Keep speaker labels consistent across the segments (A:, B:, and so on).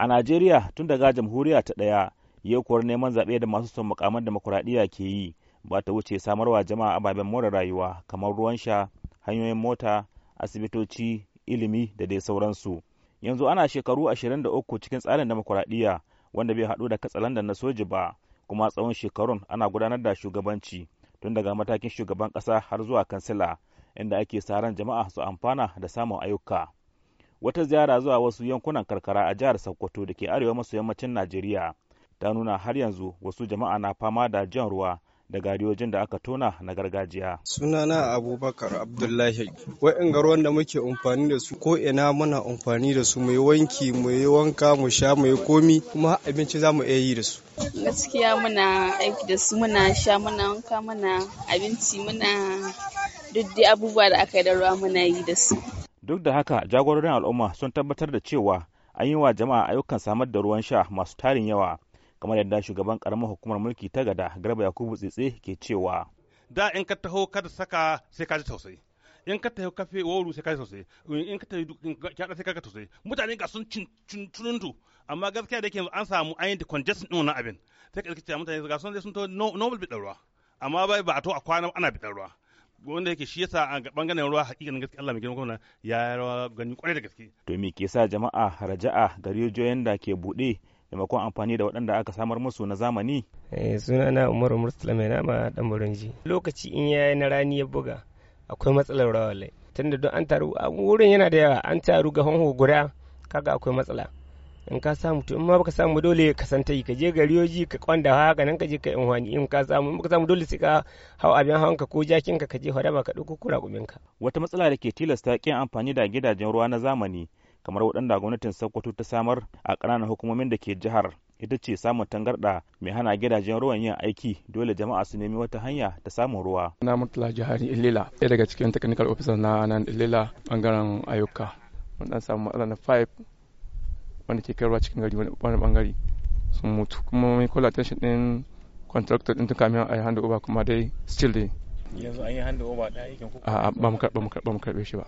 A: a najeriya tun daga jamhuriya ta ɗaya yaukuwar neman zaɓe da masu son mukaman demokuraɗiyya ke yi ba ta wuce samarwa jama'a ababen more rayuwa kamar ruwan sha hanyoyin mota asibitoci ilimi da dai sauransu yanzu ana shekaru 23 cikin tsarin demokuraɗiyya wanda bai haɗu da katsalandan na soji ba kuma tsawon shekarun ana gudanar da shugabanci tun daga matakin shugaban ƙasa har zuwa kansila inda ake sa jama'a su amfana da samun ayyuka wata ziyara zuwa wasu yankunan karkara a jihar sokoto da ke arewa maso yammacin najeriya ta nuna har yanzu wasu jama'a na fama da jan ruwa da gariyojin da aka tona na gargajiya. Sunana Abubakar Abdullahi. Wa'in ruwan da muke amfani da su ko ina muna amfani da su mu yi wanki mu yi wanka mu sha mu komi kuma abinci za mu yi da su. Gaskiya muna aiki da su muna
B: sha muna wanka muna abinci muna duk abubuwa da aka yi da ruwa muna yi da su.
A: duk da haka jagororin al'umma sun tabbatar da cewa an yi wa jama'a ayyukan samar da ruwan sha masu tarin yawa kamar yadda shugaban karamar hukumar mulki ta gada garba yakubu tsitse ke cewa
B: da in ka taho ka saka sai ka ji tausayi in ka ka fi wauru sai ka sosai in ka tafi kyada sai ka tausayi mutane ga sun cinundu amma gaskiya da yake an samu an yi da congestion din wannan abin sai ka ce mutane ga sun sun to normal bidan ruwa amma bai ba a to a kwana ana bidan ruwa wanda yake shi yasa a bangaren ruwa hakikan gaske Allah mai girma ya rawa gani kwarai da gaske
A: to me ke sa jama'a raja'a ga rijiyoyin da ke bude maimakon amfani da waɗanda aka samar musu na zamani eh, suna na Umar murtala mai nama dan burinji lokaci in yayi na rani ya buga akwai matsalar rawa lai tunda don an taru wurin yana da yawa an taru ga hanho guda kaga akwai matsala in ka samu to in ma baka samu dole ka san ta ka je gariyoji ka kwanda haka nan ka je ka wani in ka samu in baka samu dole sai ka hau abin hawan ka ko jakin ka ka je haraba ka dauko kura ka wata matsala da ke tilasta kin amfani da gidajen ruwa na zamani kamar waɗanda gwamnatin Sokoto ta samar a ƙananan hukumomin da ke jihar ita ce samun tangarɗa mai hana gidajen ruwan yin aiki dole jama'a su nemi wata hanya ta samun ruwa. Na mutula jihar Ilila ɗaya daga cikin technical officer na nan Ilila bangaren ayyuka. Mun samu matsala na wanda ke kaiwa cikin gari wani bangare sun mutu kuma mai kula attention din contractor din tuka miyan ayi hand over kuma dai still dai
B: yanzu an yi handover over da aikin ku
A: a ba mu karba ba mu karbe shi ba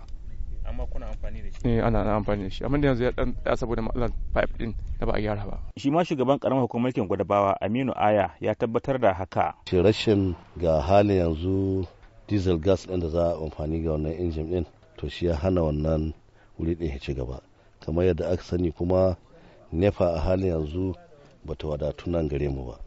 B: amma kuna amfani da shi
A: eh ana amfani da shi amma da yanzu ya dan ya saboda matsalar pipe din da ba a gyara ba shi ma shugaban karamar hukumar mulkin gwadabawa Aminu Aya ya tabbatar da haka shi rashin ga halin yanzu diesel gas din da za a amfani ga wannan injin din to shi ya hana wannan wuri din ya ci gaba kamar yadda aka sani kuma nefa a halin yanzu ba ta wadatu nan gare mu ba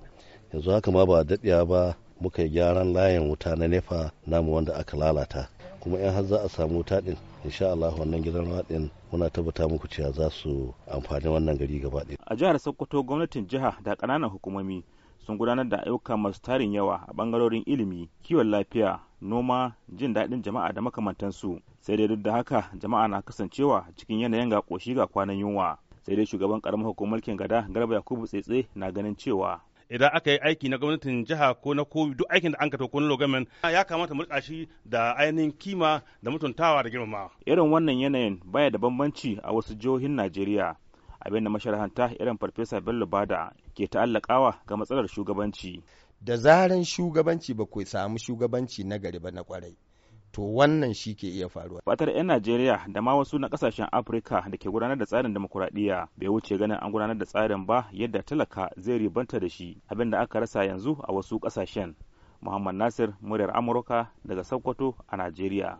A: yanzu haka ma ba daɗiya ba muka yi gyaran layin wuta na nefa namu wanda aka lalata kuma yan har za a samu wuta ɗin insha Allah wannan gidan ruwa ɗin muna tabbata muku cewa za su amfani wannan gari gaba ɗaya. A jihar Sokoto gwamnatin jiha da ƙananan hukumomi sun gudanar da ayyuka masu tarin yawa a bangarorin ilimi, kiwon lafiya, noma, jin daɗin jama'a da makamantansu sai dai duk da haka jama'a na kasancewa cikin yanayin ga koshi ga kwanan yunwa sai dai shugaban karamar hukumar mulkin gada garba yakubu tsetse na ganin cewa
B: idan aka yi aiki na gwamnatin jiha ko na ko duk aikin da an ka ko na logamen ya kamata mu shi da ainihin kima da mutuntawa da girma.
A: irin wannan yanayin baya da bambanci a wasu jihohin Najeriya abin da masharhanta irin farfesa Bello Bada ke ta'allakawa ga matsalar shugabanci da zaran shugabanci ba ku samu shugabanci na gari ba na kwarai to wannan shi ke iya faruwa fatar 'yan najeriya da ma wasu na kasashen afirka da ke gudanar da tsarin demokuraɗiyya bai wuce ganin an gudanar da tsarin ba yadda talaka zai ribanta da shi abin da aka rasa yanzu a wasu kasashen muhammad nasir muryar amurka daga sokoto a najeriya